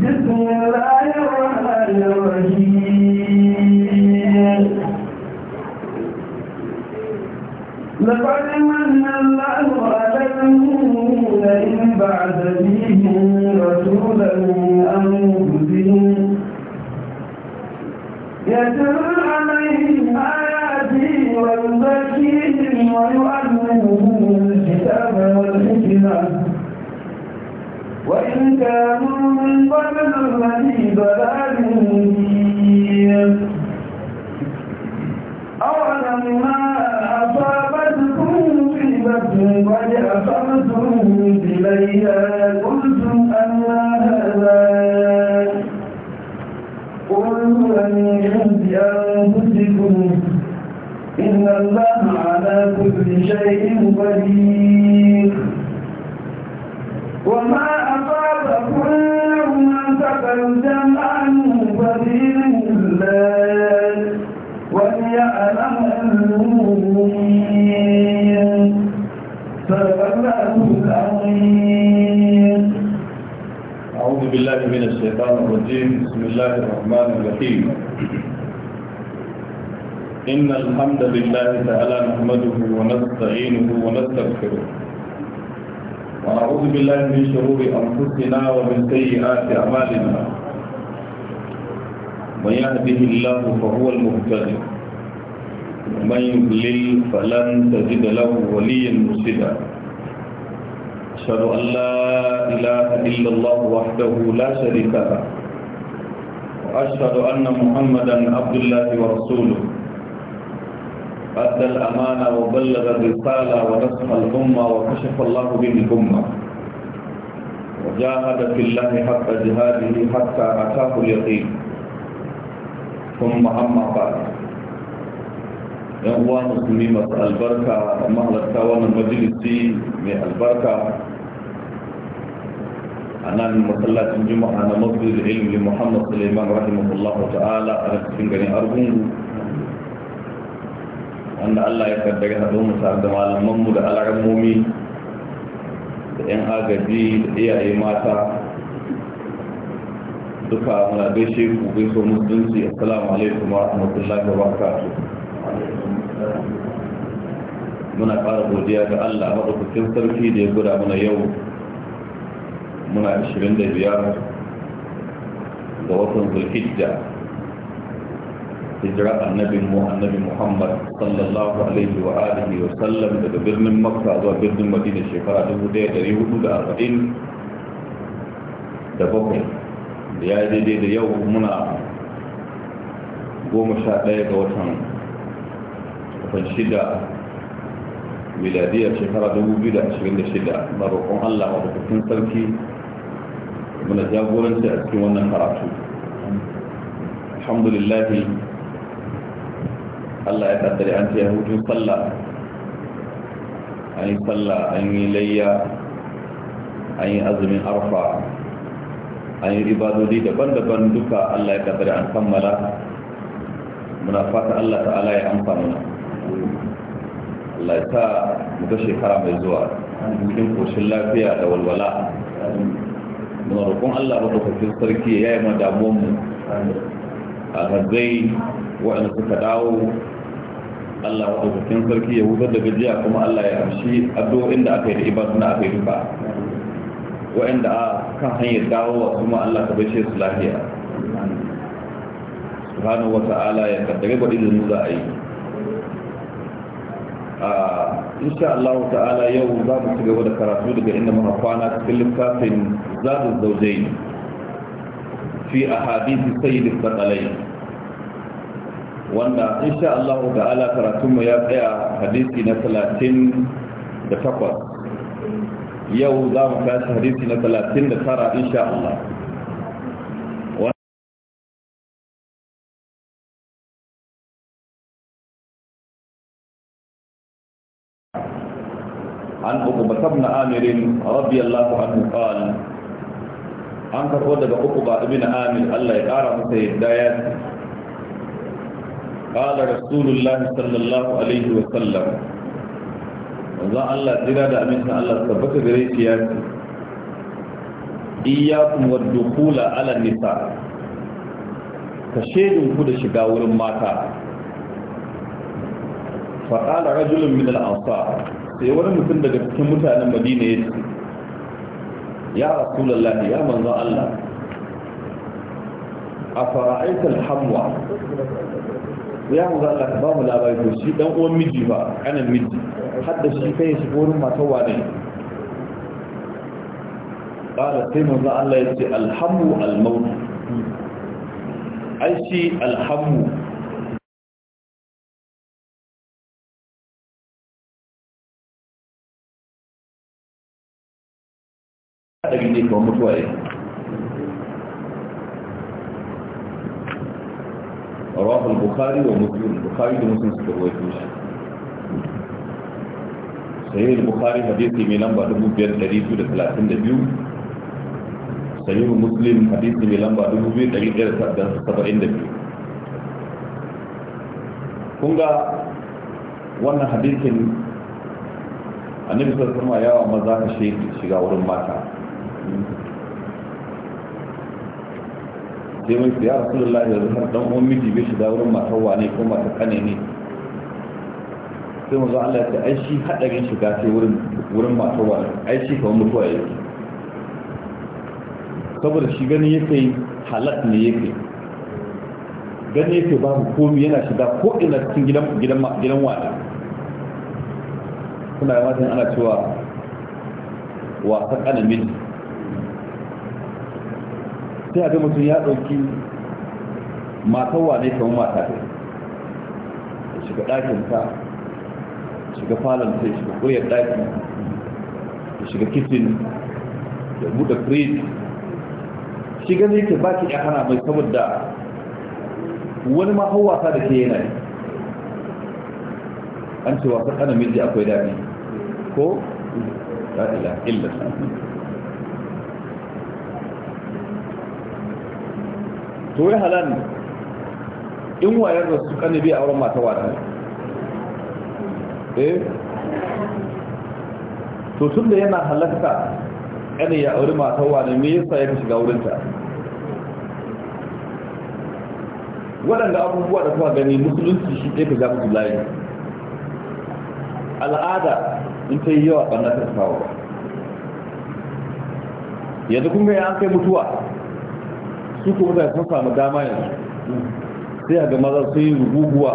bisiyo layiwar بالله من شرور أنفسنا ومن سيئات أعمالنا من يهده الله فهو المهتد ومن يضلل فلن تجد له وليا مرشدا أشهد أن لا إله إلا الله وحده لا شريك له وأشهد أن محمدا عبد الله ورسوله أدى الأمانة وبلغ الرسالة ونصح الأمة وكشف الله به الأمة وجاهد في الله حق جهاده حتى أتاه اليقين ثم أما بعد yan uwa musulmi masu albarka mahalarta wannan majalisi mai albarka a nan masallacin juma'a na masjid ilmi muhammad suleiman rahimahullah ta'ala a cikin garin argungu wanda allah ya kaddare haɗo mu tare da malamanmu da alarammomi da 'yan agaji da iyaye mata duka muna gaishe ku gaiso musulunci assalamu alaikum wa rahmatullahi wa barakatuh muna fara godiya ga Allah madaukakin sarki da ya guda muna yau muna 25 ga watan zulhijja hijira annabin mu annabi muhammad sallallahu alaihi wa wa sallam daga birnin makka zuwa birnin madina shekara 1440 da bakwai da ya daidai da yau muna goma sha ɗaya ga watan watan shida miladiyar shekara 2026 na roƙon allah a rubutun sarki muna jagoranci a cikin wannan karatu alhamdulillahi Allah ya kaddare an ce hutun sallah an yi sallah an yi layya an yi azumin arfa an yi ibadodi daban-daban duka Allah ya kaddare an kammala muna fata Allah ta'ala ya amsa Allah ya ta muka shekara mai zuwa cikin koshin lafiya da walwala muna roƙon Allah maɗaukakin sarki ya yi ma damuwanmu a hazai waɗanda suka dawo Allah wa ɗaukakin sarki ya wutar da gajiya kuma Allah ya amshi addu'o'in da aka yi da ibadun na aka yi duka wa'anda a kan hanyar dawo wa kuma Allah ka bashe su lafiya subhanahu wa ta'ala ya kaddare ba izinin za a yi insha Allah ta'ala yau za mu ci gaba da karatu daga inda muka kwana cikin littafin zadul zawjayn fi ahadith sayyid al-fatalayn wanda insha Allah ta'ala karatunmu ya tsaya hadisi na 38 yau za mu tashi hadisi na 39 insha Allah عن ba بن amirin, رضي الله عنه قال an karɓo daga uku ba ibn amir Allah ya ƙara masa yadda ya قال رسول الله صلى الله عليه وسلم وزا الله جرى دا أمين الله سبك بريك ياك إياكم والدخول على النساء كشيدن كود شقاور ماتا فقال رجل من الأنصار سيوانا مثل دا كمتا على مدينة يا رسول الله يا من الله أفرأيت الحموى ya mu za ka ba mu labari to shi dan uwan miji ba kanan miji har da shi kai shi wurin matar wane qala sai manzo Allah ya ce alhamu almaut ai shi alhamu daga gidi ko mutuwa ne rawahu al-bukhari wa muslim bukhari da muslim suka rawaito shi sahih bukhari hadisi mai lamba 2232 sahih muslim hadisi mai lamba 2172 kun ga wannan hadisin annabi sallallahu alaihi wasallam ya wa maza ka shiga wurin mata sai mun su ya rasulullah ya zuhar dan uwan miji bai shiga wurin matar wane ko matar kane ne sai mun zo Allah ya ai shi hadarin shiga sai wurin wurin matar wane ai shi kawai mutuwa yake saboda shi gani yake halat ne yake gani yake babu komi yana shiga ko ina cikin gidan gidan gidan wani kuna da matan ana cewa wasa kanamin sai a ga mutum ya ɗauki matan ne kamar mata ta shiga ɗakinta shiga falonta shiga ƙuryar ɗaki shiga kitchen ya buɗe fridge shiga zai ke baki ya hana mai saboda wani ma hau wasa da ke yanayi an ce wasa ƙanamin akwai daɗi ko? ɗa'ila illa to yi halal ne in wayar da su kanabi a wurin mata wata eh to tun da yana halatta ƙane ya auri mata wani me yasa ya shiga wurinta waɗanda abubuwa da kuma gani musulunci shi ɗaya ka ja layi al'ada in ta yi yawa ɓanna ta kawo yanzu kuma ya an kai mutuwa su kuma da sun samu dama yanzu sai a ga maza sun yi rububuwa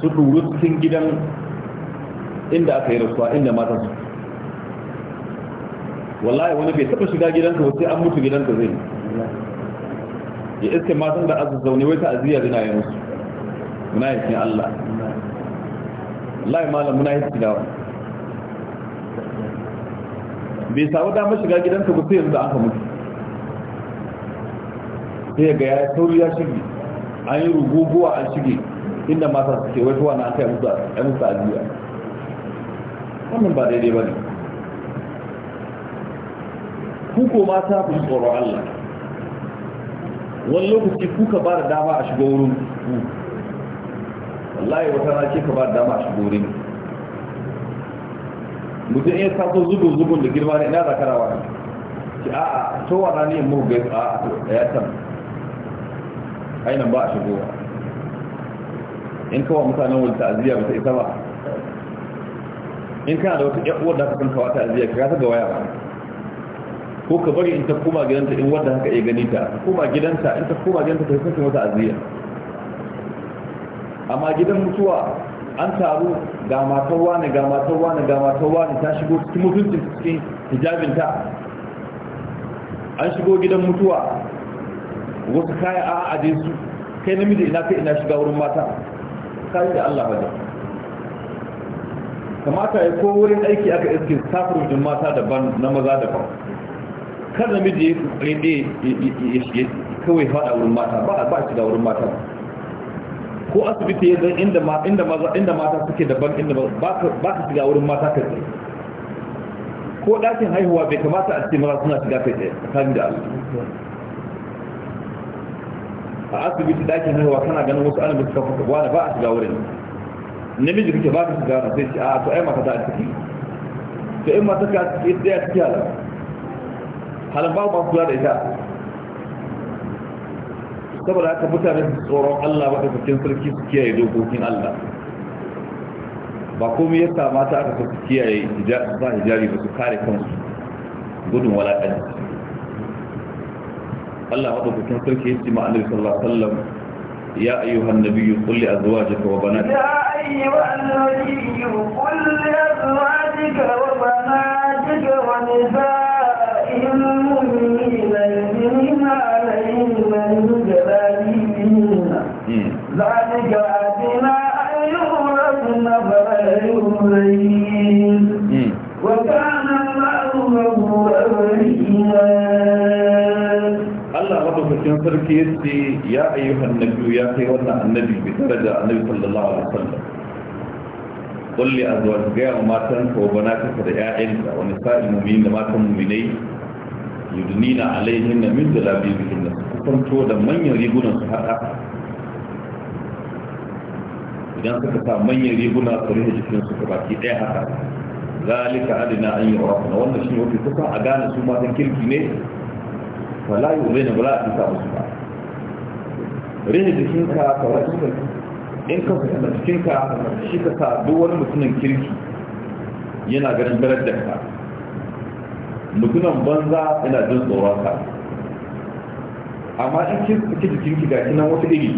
su ɗuru cikin gidan inda aka yi rasuwa inda mata su wallahi wani bai taɓa shiga gidanka wasu an mutu gidanka zai ya iske matan da aka zaune wai ta aziyar zina yi musu muna yi cikin allah wallahi malam muna yi cikin dawa bai samu damar shiga gidanka ba sai yanzu da aka mutu sai ga ya sauri ya shige an yi ruguguwa an shige inda mata su ke wata wani aka yi musu aziya? ajiya wannan ba daidai ba ne kuko mata ku tsoron Allah wani lokaci kuka ba da dama a shiga wurin ku wallahi wata na ke ka ba da dama a shiga wurin mutum iya sato zubin zubin da girma ne ina zakarawa ne ki a towa na ne mu gaisu a'a ya tabbata ainihin ba a shigo in kawo mutanen wani ta'aziyya ba ta isa ba in kana da wata uwar da aka san kawo ta'aziyya ka ta ga waya ba ko ka bari in ta koma gidanta in wadda haka iya gani ta ta koma gidanta in ta koma gidanta ta kasance wata aziyya amma gidan mutuwa an taru ga matarwa ne, ga matarwa ne, ga matarwa ne, ta shigo cikin mutuncin cikin hijabinta an shigo gidan mutuwa wasu kaya a aje su kai namiji ina kai ina shiga wurin mata kayi da Allah bane kamata ya ko wurin aiki aka iske safar jin mata daban na maza daban kar namiji ya kokare ya kawai fada wurin mata ba ba shiga wurin mata ko asibiti ya inda maza inda mata suke daban inda ba ka shiga wurin mata kai tsaye ko dakin haihuwa bai kamata a cikin maza suna shiga kai tsaye kan da Allah a asibiti dakin haihuwa kana ganin wasu ana suka kafa wani ba a shiga wurin namiji kake ba ka shiga na sai ce a to ai mata ta a ciki to in mata ka ciki da ya ciki halar halar ba ba kula da ita saboda haka mutane su tsoron Allah ba ɗaukakin sarki su kiyaye dokokin Allah ba komai yasa ta aka su kiyaye ba hijabi ba su kare kansu gudun walaƙanci Allah madaukakin sarki yace ma annabi sallallahu alaihi wasallam ya ayyuhan nabiyyu qul li azwajika wa banatika ya ayyuhan nabiyyu qul li azwajika wa banatika wa nisaa ya ayyuhan nabi ya kai wannan annabi bi daraja annabi sallallahu alaihi wasallam kulli azwaj ga matan ko banatika da ƴaƴanka wani sa'il mu'min da matan mu'minai yudnina alaihin min jalabibihin kusanto da manyan rigunan su hada idan suka sa manyan riguna su rufe jikin su baki ɗaya haka zalika adina an yi rafa na wannan shi ne kusa a gane su matan kirki ne fala yi ubai na bala a fita musu ba rihe jikinka ka wasu in ka da jikinka shi ka sa duwar mutumin kirki yana ganin da ka mutumin banza yana jin tsoron ka amma in kin suke jikinki ga kinan wata iri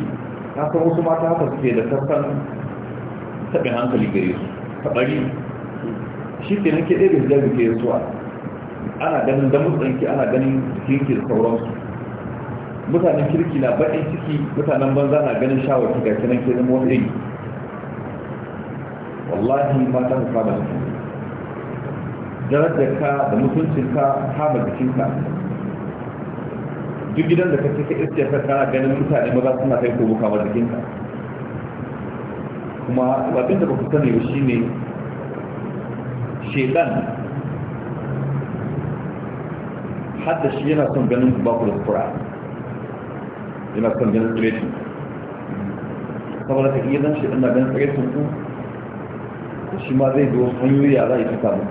ta san wasu mata haka suke da sassan taɓin hankali gare su taɓari shi ke nan ke ɗaya da hijabi ke yasuwa ana ganin damutsanki ana ganin jikinki da sauransu mutanen kirki na baƙin ciki mutanen banza na ganin shawar ga gashi nan ke zama wani iri wallahi mata ku kama Darajar ka da mutuncinka kama jikinka duk gidan da ka ce ka iske ka kana ganin mutane maza suna kai ko kama jikinka kuma abin da ba ku sani ba shine shedan hadda shi yana son ganin ku ba ku da kura yana son ganin tsiretin saboda ka iya zan shi ina ganin tsiretin ku shi ma zai zo hanyoyi a za a yi fita mu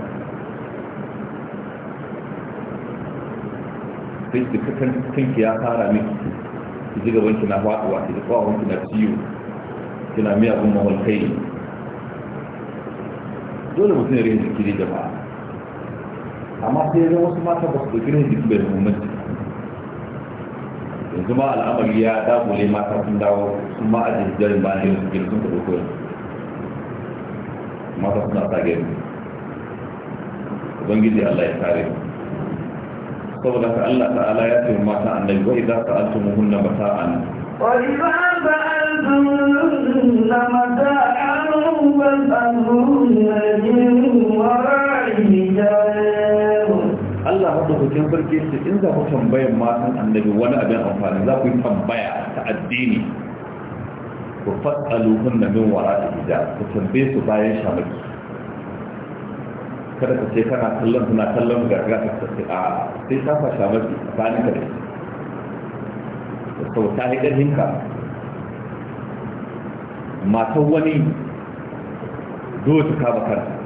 sai ki kakan kanki ya fara miki ki ji gabanki na faɗuwa ki ji kawawanki na ciwo kina miyagun mawalkai dole mutum ya rihin jiki jama'a amma sai ya wasu mata ba su ɗauki rihin jiki bai muhimmanci yanzu ma al'amari ya dagule mata sun dawo sun ma ajin jarin ba ne su girkin da doko mata suna sa gari ubangiji allah ya kare saboda ka allah ta'ala ya ce mata annabi wa idza sa'altumuhunna mata'an wa idza sa'altumuhunna mata'an wa sa'altumuhunna madaukakin sarki ce in za ku tambayar matan annabi wani abin amfani za ku yi tambaya ta addini ku fasalu hunna min wara da hijab ku tambaye su bayan shamaki kada ka ce kana kallon suna kallon ga ga ta ce a sai ta fa shamaki bani ka da ta yi ƙarfinka matan wani dole ta kama kanta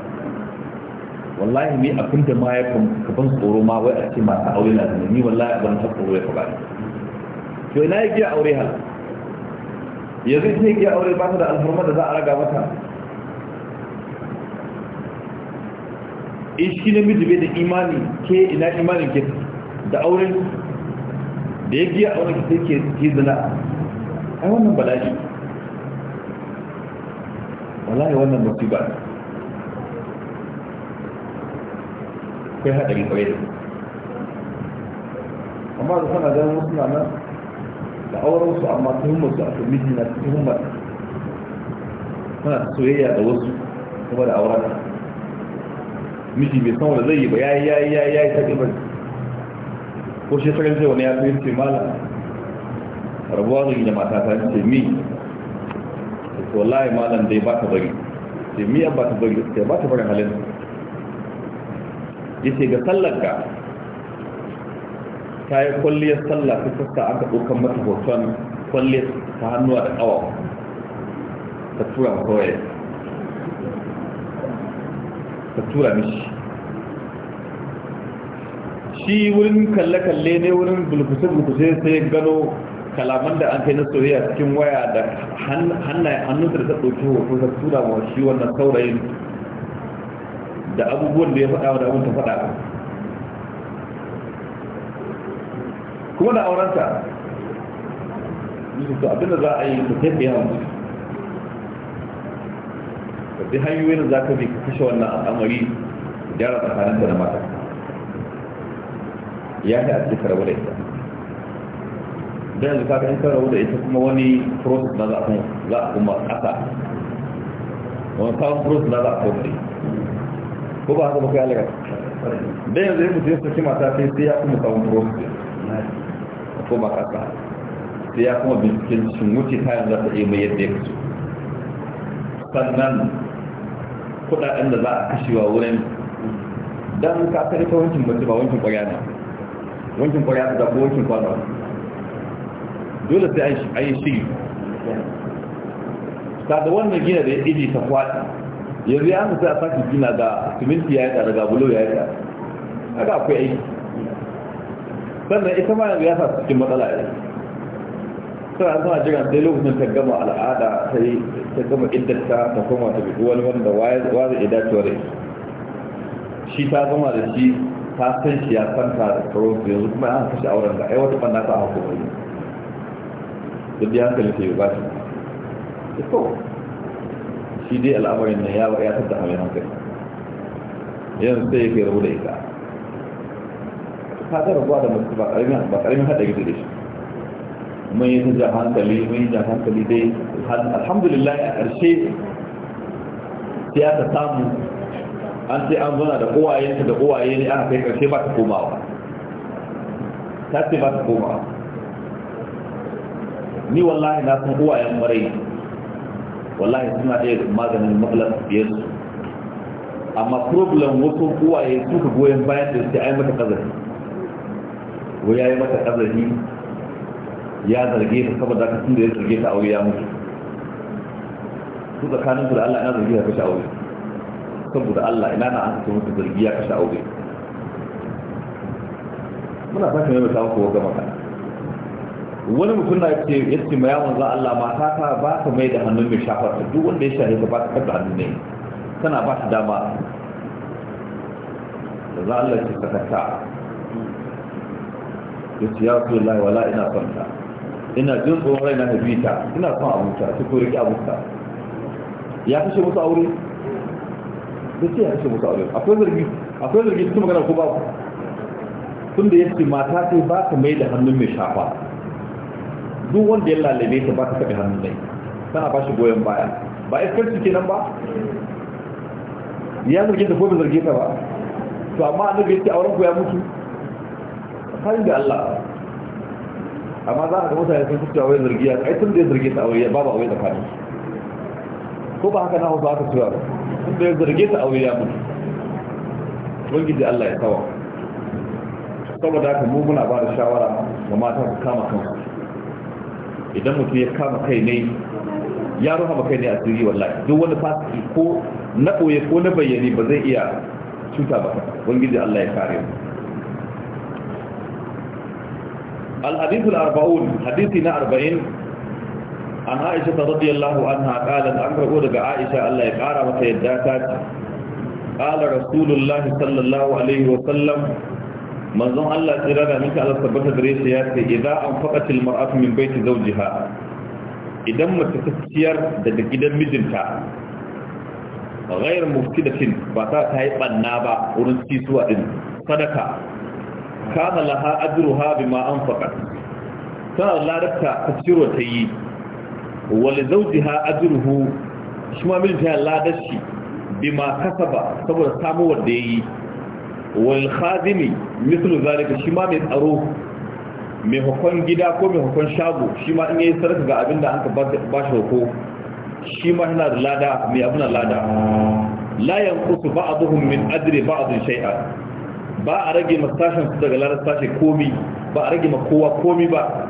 wallahi mai abin da ma ya kaban tsoro ma wai a ce masu aure na zama ni wallahi abin da tsoro ya faɓa to ina ya giya aure hal yanzu ita ya giya aure ba ta da alfarma da za a raga mata in shi miji bai da imani ke ina imanin ke da aure? da ya giya aure ke sai ke zina ai wannan bala'i wallahi wannan musiba ne akwai haɗari kwaye da amma da sana ganin wasu na nan da auren su amma tuhumar su a kan miji na tuhumar suna soyayya da wasu kuma da auren miji bai san wanda zai yi ba ya yi ya yi ya yi ya yi ta ɗibar ko shi sakan zai wani ya tsaye ce mala rabuwa zai yi da mata ta ce mi wallahi malam dai ba ta bari ce mi ba ta bari ba ta bari halin yace ga sallarka ta yi kwalliyar sallah ta fuska aka ɗaukan mata hoton kwalliyar ta hannuwa da ƙawa ta tura kawai ta tura mishi shi wurin kalle-kalle ne wurin bulkuce-bulkuce sai gano kalaman da an kai na soyayya cikin waya da hannun da ta ɗauki hoton ta tura wa shi wannan saurayin da abubuwan da ya faɗa da abin ta faɗa kuma da aurenta su abinda za a yi ta tafi yawon su da hanyoyin za ka bi ka kashe wannan al'amari da gyara tsakaninta da mata ya ta a karabu da ita da yanzu ka kan karabu da ita kuma wani process na za a kuma ƙasa wani kawon process na za a kuma ko ba haka ba kai alaga da yanzu yin mutum ya mata sai sai ya kuma kawo prosti ko ba kasa sai ya kuma binciken shin wuce ta yanzu ta iya mai yadda ya kasu sannan kudaden da za a kashewa wurin don ka kare ta wancin mace ba wancin kwarya ne wancin kwarya ta zaɓi wankin kwano dole sai a yi shiri ta da wannan gina da ya iji ta kwaɗi yanzu ya hannu sai a sake gina ga siminti ya yi tsada ga bulo ya yi a ga akwai aiki sannan ita ma yanzu ya sa cikin matsala ya yi sana suna jiran sai lokacin ta gama al'ada ta yi ta gama iddata ta koma ta bi wani wanda zai ya dacewa da shi ta zama da shi ta san shi ya san ta da karon su yanzu kuma an kashe auren da ai wata banna ta hako wani duk ya hankali ta ba shi shi dai al'amarin nan ya ya tattara mai hankali yanzu sai yake rabu da ita kada rabuwa da mutu ba ƙaramin ba ƙaramin haɗa gida da shi mun yi ta jan hankali mun yi jan hankali dai alhamdulillah a ƙarshe sai aka samu an sai an zana da uwayenta da uwaye ne aka kai ƙarshe ba ta komawa ta ce ba ta komawa ni wallahi na san uwayen marai wallahi suna iya maganin matsalar yesu amma problem wasu uwaye suka goyon bayan da suke ai mata kazari ko ya yi mata kazari ya zarge ta saboda ka tun da ya zarge ta aure ya mutu su tsakanin su da Allah ina zargi ya kashe aure saboda Allah ina na an kashe mutu zargi ya kashe aure muna sake mai mutawa kowa gama kan wani mutum na ce ya ma yawon za Allah mata ta ba ta mai da hannun mai shafar ta duk wanda ya shahe ta ba ta kada hannun ne tana ba ta dama da za Allah ce sakata ya ce ya fi Allah wala ina son ta ina jin tsohon rai na habita ta ina son abuta ta ko riƙe abuta ya shi musu aure da ce ya shi musu aure akwai zargi akwai zargi cikin magana ko ku? tun da yace mata sai ba ta mai da hannun mai shafa duk wanda ya lalabe ta ba ta kaɗe hannun nai. sana ba shi goyon baya ba iskarci ke nan ba ya zarge ta ko bai zarge ta ba to amma an zarge ta auren ku ya mutu kan ga Allah amma za a ga mutane sun fita wai zargi ya kai tun da ya zarge ta aure ba ba wai tsakanin ko ba haka na hausa aka cewa ba tun da ya zarge ta aure ya mutu da Allah ya tawa saboda haka mu muna ba da shawara ga mata su kama kansu idan mutum ya kama kai ne ya ruha kai ne a sirri wallahi duk wani fasiki ko na ɓoye ko na bayyane ba zai iya cuta ba wangiji Allah ya kare mu الحديث an حديثنا أربعين عن عائشة رضي الله عنها قالت أمر أولك عائشة الله يقارى وتيداتات قال رسول الله صلى الله عليه وسلم manzon Allah tsira da miki Allah tabbata gare shi ya ce idza anfaqatil mar'atu min baiti zawjiha idan mace ta ciyar daga gidan mijinta ghayr muftidatin ba ta ta yi banna ba wurin tisuwa din sadaka kana laha ajruha bima anfaqat tana ladarta ta ciro ta yi wa li zawjiha ajruhu shi ma mijinta ya ladar shi bima kasaba saboda samuwar da yayi wal khadimi mislu zalika shi ma mai tsaro mai hukun gida ko mai hukun shago shi ma in yi sarka ga abinda an ka ba shi hukun shi ma yana da lada mai abuna lada Layan ba a ba'dhum min ba a ba'd shay'a ba a rage masashin su daga ladar sashe komi ba a rage ma kowa komi ba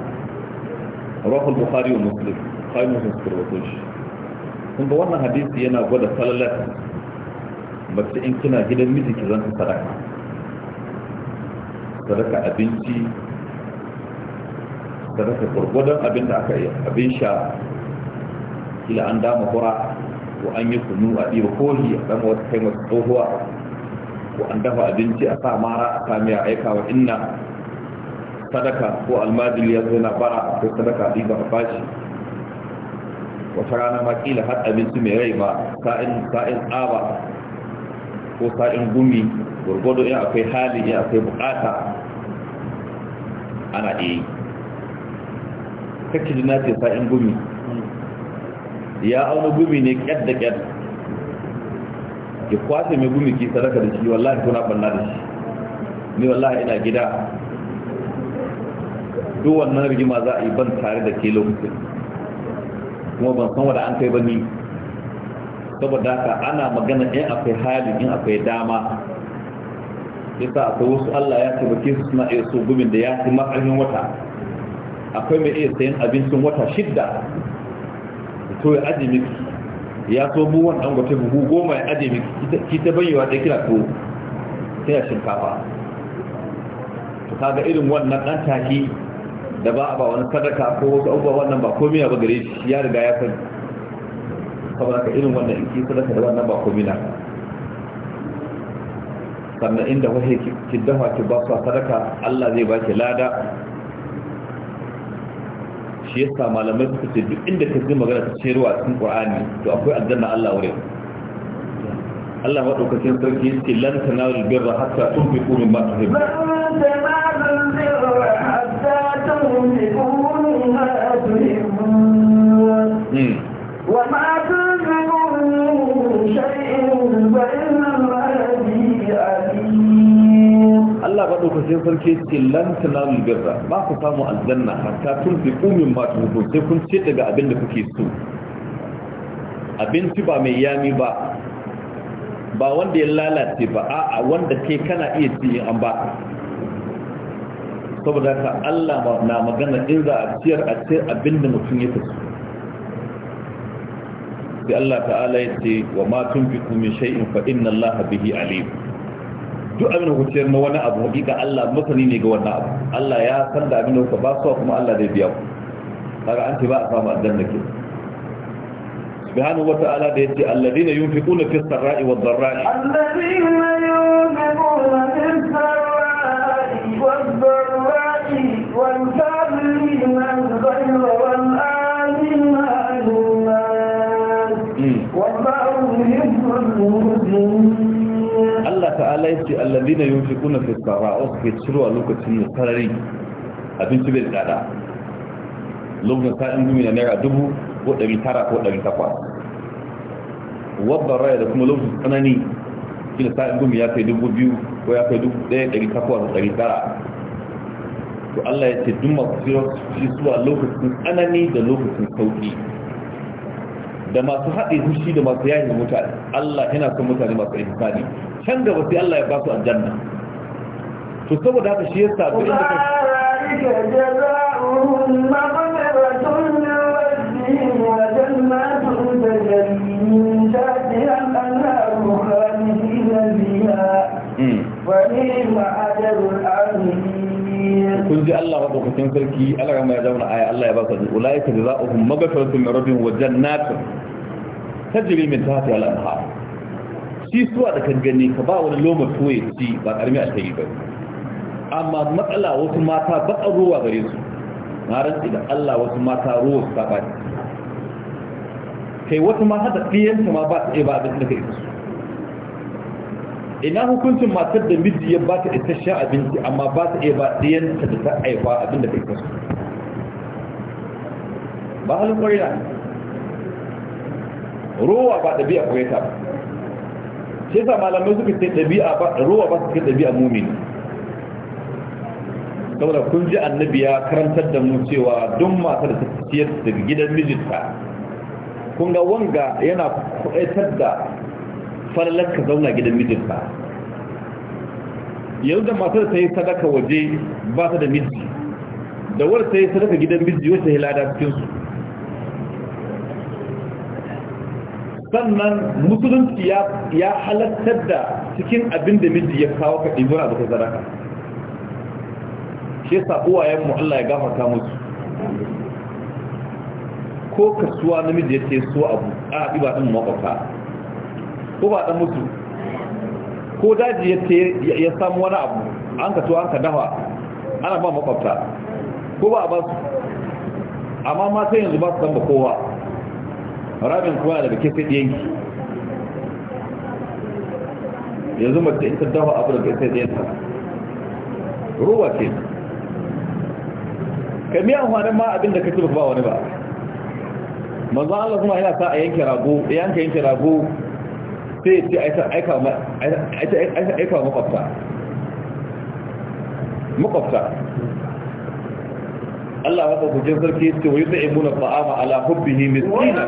rahul bukhari wa muslim kai muslim su rawato shi kun ga wannan hadisi yana gwada salalat mace in kina gidan miji ki zanta sadaka sadaka abinci sadaka gwargwadon abin da aka yi abin sha kila an dama hura ko an yi kunu a ɗiba kohi a ɗan wata kai masu tsohuwa ko an dafa abinci a sa mara a samiya aika wa inna sadaka ko almajil ya zo na bara ko sadaka ɗiba a bashi wata rana ma kila har abinci mai rai ba sa'in sa'in tsaba ko sa'in gumi gwargwado in akwai hali in akwai bukata ana iya yi kacce jina ce sa'in gumi ya auna gumi ne ƙyar da ƙyar ki kwace mai gumi ki sadaka da shi wallahi kuna banna da shi ni wallahi ina gida duk wannan rigima za a yi ban tare da ke lokacin kuma ban san wanda an kai ba ni saboda haka ana magana in akwai hali in akwai dama yasa akwai wasu Allah ya taimake su suna iya so gumin da ya fi matsayin wata akwai mai iya sayan abincin wata shidda to ya aje miki ya so buwan an gwata buhu goma ya aje miki ki ta bayyawa da kira to sai ya shinkafa to kaga irin wannan dan taki da ba a ba wani sadaka ko wasu abubuwa wannan ba komai ba gare shi ya riga ya san saboda ka irin wannan in ki sadaka da wannan ba komai na sannan inda wahe ki dafa ki ba su sadaka Allah zai ba ki lada shi ya sa malamai suka ce duk inda ka ji magana ta cewa cikin Qur'ani to akwai aljanna Allah wurin Allah madaukakin sarki yace lan tanalul birra hatta tun mimma tuhibbu ba tanalul birra hmm. wa ma sai sarki ce lantana lulgarra ba ku samu aljanna hatta tun fi ƙumin ba tuhu sai kun ce daga abin da kuke so abinci ba mai yami ba ba wanda ya lalace ba a wanda ke kana iya ci an ba saboda ka Allah na magana in za a ciyar a ce abin da mutum ya kasu sai Allah ta'ala ya ce wa ma tun fi kumin shay'in fa inna Allah bihi alim duk abin da kuciyar na wani abu hakika Allah masani ne ga wannan abu Allah ya san da abin da kuka ba su kuma Allah zai biya ku kaga an ce ba a samu aljanna ke subhanahu wa ta'ala da yace alladheena yunfiquna fis sarra'i wad dharra'i alladheena yunfiquna fis sarra'i wad dharra'i ya ce allazi na yin fikuna fiskara a suke ciro lokacin da sarari abinci bai tsada lokacin sa'in gumi na naira dubu ko ɗari tara ko ɗari takwas wadda raya da kuma lokacin tsanani shi da sa'in gumi ya kai dubu biyu ko ya kai dubu ɗaya ɗari takwas ɗari tara to allah ya ce duk masu siyo shi zuwa lokacin tsanani da lokacin sauƙi da masu haɗe fushi da masu yayin mutane Allah yana son mutane masu ihsani can gaba sai Allah ya ba su aljanna to saboda haka shi yasa duk inda ka hmm. kun ji Allah maɗaukacin sarki Allah ya mai zauna aya Allah ya ba su ulaika jazaohum maghfiratun min rabbihim wa jannatun tajri min tahtiha al-anhar shi suwa da kan gani ka ba wani loma ya ci ba karmi a tayi ba amma matsala wasu mata baka ruwa gare su na rantsi da Allah wasu mata ruwa su ta ɓaci kai wasu mata da ɗiyanta ma ba su ba abin da ka isa su ina hukuncin matar da miji ya ba ta isasshen abinci amma ba ta iya ba ɗiyanta da ta aifa abin da ka isa su ba halin ƙwarya. ruwa ba ɗabi'a ƙwarita ba sai sa malamai suka ce dabi'a ba ruwa ba suka ɗabi'a mumini saboda kun ji annabi ya karantar da mu cewa duk matar da ta ciyar daga gidan mijinta kun ga wanga yana kwaitar da falalar ka zauna gidan mijinta yanzu da matar ta yi sadaka waje ba ta da miji da wadda ta yi sadaka gidan miji wata lada cikinsu sannan musulunci ya halattar da cikin abin da miji ya kawo ka ɗibura da ta zaraka shi yasa uwayenmu Allah ya gafarta musu ko kasuwa namiji ya ce so abu a ba ɗin makwabta ko ba ɗan musu ko daji ya samu wani abu an ka tuwa an ka dawa ana ba makwabta ko ba a ba su amma mata yanzu ba su san kowa rabin kuma da ke sai ɗiyanki yanzu mace ita dafa abu da daga sai ɗiyanta ruwa ce ka miya amfanin ma abin da ka ci ba wani ba manzo Allah kuma yana sa a yanke rago yanka yanke rago sai ya ce aika maƙwabta. makwabta الله هو kujin sarki ويطعمون الطعام على حبه مسكينا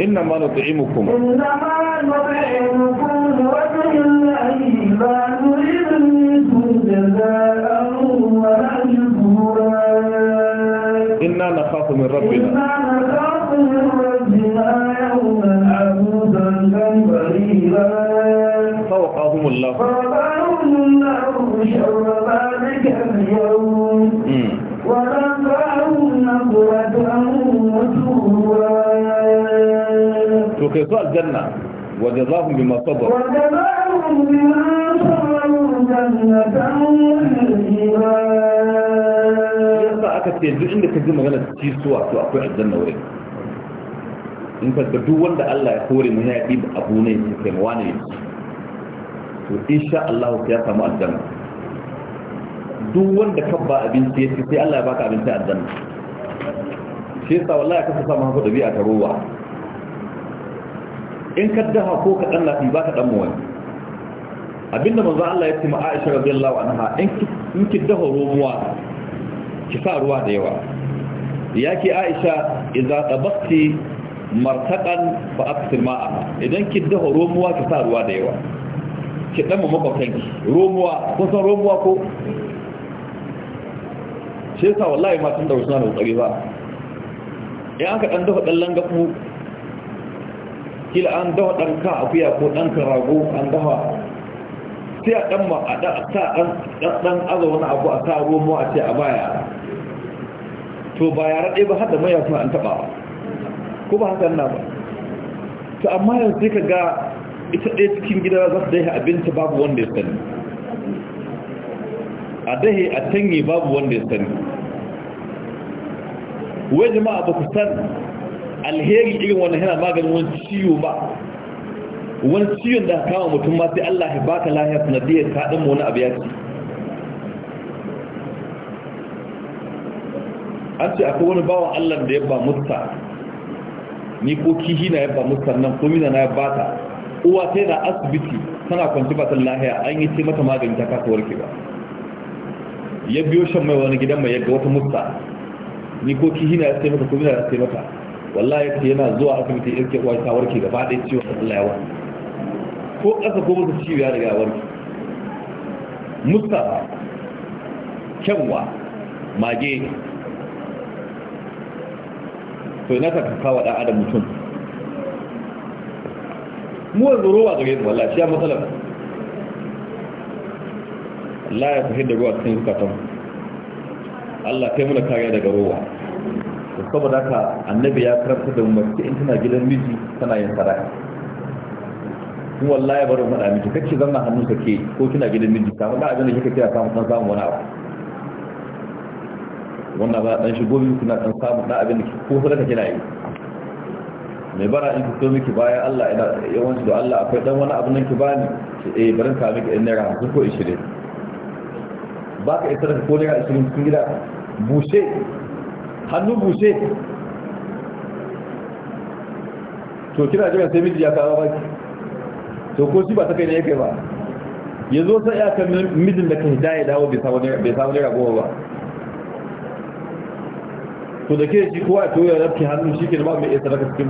إنما نطعمكم إنما نطعمكم وجه الله لا نريد منكم جزاء ولا شكورا إنا نخاف من ربنا إنا نخاف من ربنا يوما فوقهم الله فوقاهم الجنة وجزاهم بما صبر وجزاهم بما صبروا جنة الإيمان yasa aka ce duk inda ka ji magana ci in ka duk wanda Allah ya kore mu ya ɗiba abu ne su kai mawa ne to insha Allah ya samu aljanna duk wanda ka ba abinci ya ce sai Allah ya baka abinci aljanna shi yasa wallahi ka samu haka dabi'a ta ruwa in ka daha ko ka dan lafi baka dan wani abinda manzo Allah ya ce ma Aisha radiyallahu anha in ki in ki daha ruwa ki sa ruwa da yawa yake Aisha idza tabatti martaƙan ba a fitar ma'a idan ki dafa romuwa ki sa ruwa da yawa ki ɗan mamakon romuwa kun san romuwa ko shi yasa wallahi ma tun da wasu na da kokari ba in aka ɗan dafa ɗan ku? kila an dafa ɗan ka akuya ko ɗan ka rago an dafa sai a ɗan ma a ɗan aza wani abu a sa romuwa a ce a baya to ba ya raɗe ba har da yasa an taɓa ko ba haka na ba to amma yanzu sai ka ga ita ɗaya cikin gida za su dai abinci babu wanda ya sani a dai a tanye babu wanda ya sani wai jama'a ba ku san alheri irin wannan yana maganin wani ciwo ba wani ciwon da kawo mutum ma sai Allah ya baka lahiya sanadiyar kaɗin mu wani abu ya ci. an ce akwai wani bawan Allah da ya ba mutta ni ko kihi na yabba musu nan ko mina na yabba ta uwa sai yana asibiti tana kwanci ba ta lahiya an yi ce mata magani ta kasa warke ba ya biyo shan mai wani gidan mai yadda wata mutta ni ko kihi na ya sai mata ko mina ya sai mata wallahi ta yana zuwa asibiti ya ke uwa ta warke gaba ɗaya ciwon ta Allah ya warke ko ƙasa ko mutu ciwo ya riga warke mutta kyanwa mage to ina ka kawo dan adam mutum mu wanzu ruwa gare su wallahi ya matsalar Allah ya fi da ruwa cikin zukatan Allah kai muna kariya daga ruwa da saboda haka annabi ya karanta da umarci in tana gidan miji tana yin sadaka kuma wallahi bari mu faɗa miki kacce zama hannun ka ke ko kina gidan miji ka faɗa abin da kika kira samu san samu wani abu wannan za a ɗan shigo biyu kuna ɗan samun ɗan abin da ke ko sadaka kina yi mai bara in fito miki baya Allah ina yawanci da Allah akwai ɗan wani abin nan ki bani eh barin ka miki ɗan naira hamsin ko ishirin ba ka isa daga ko naira ishirin cikin gida bushe hannu bushe to kina jiran sai miji ya kawo baki to ko shi ba ta kai ne ya kai ba ya zo sai ya kan mijin da ka hidaya dawo bai samu naira goma ba ku da ke shi kowa to ya rabki hannu shi ke ba mai iya sadaka cikin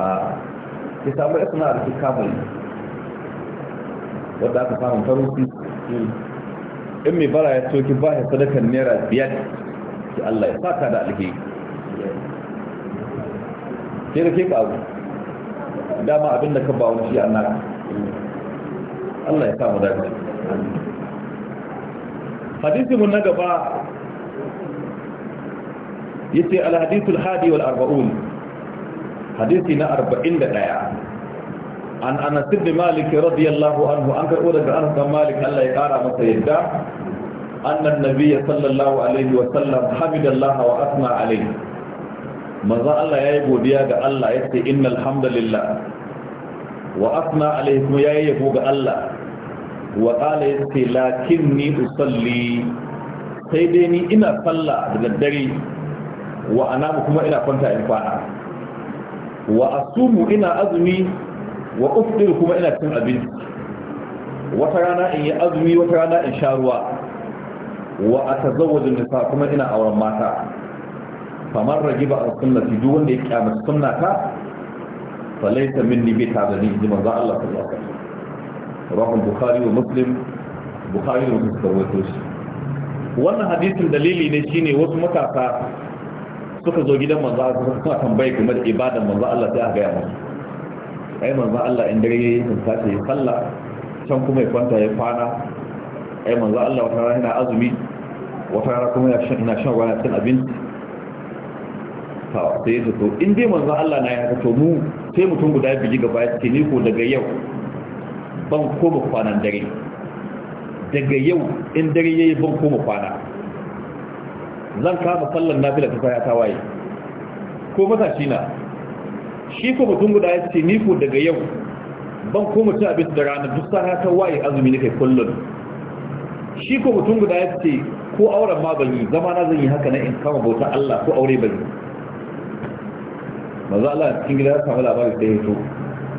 a ke samun ya suna da cikin kamar wadda aka samu farusi in mai bara ya soki ba ya sadaka naira biyar ki Allah ya saka da alheri ke da ke kawo dama abin da ka ba wani shi a nan. Allah ya samu dace hadisi mun na gaba yace al-hadith al-hadi wal 40 hadisi na 41 an anas ibn malik radiyallahu anhu an karbo ga anas ibn malik Allah ya kara masa yadda annan nabiyyi sallallahu alaihi wa sallam hamidallahi wa asma alaihi Maza Allah yayi godiya ga Allah yace innal hamdalillah wa asna alaihi kuma yayi yabo ga Allah wa qala yace lakinni usalli sai dai ni ina sallah da daddare wa anamu kuma ina kwanta in kwana wa asumu ina azumi wa ufdir kuma ina cin abinci wata rana in yi azumi wata rana in sha ruwa wa atazawwaju nisa kuma ina auren mata Kamar ragiba an sunnati duk wanda ya kyamata sunnata falaita minni bi gani, ji manzo Allah sallallahu alaihi wasallam bukhari wa muslim bukhari wa muslim wannan hadisin dalili ne shine wasu matasa suka zo gidan manzo Allah suka tambaye game da ibadan manzo Allah sai aka gaya musu ai manzo Allah in dare yayi sun sace ya salla can kuma ya kwanta ya kwana ai manzo Allah wata rana yana azumi wata rana kuma ya shan shan ruwa cikin abin abinci to sai su to in dai manzo Allah na ya haka to mu sai mutum guda biji gaba ya ce ni ko daga yau ban koma kwanan dare daga yau in dare yayi ban koma kwana zan kama sallan nafila ta saya ta waye ko matashi na shi ko mutum guda ya ce ni ko daga yau ban koma ci abinci da rana duk sa ta waye azumi ne kai kullum shi ko mutum guda ya ce ko auren ma ban yi zama na zan yi haka na in kama bauta Allah ko aure ban yi maza Allah cikin gida ya samu labarin da ya to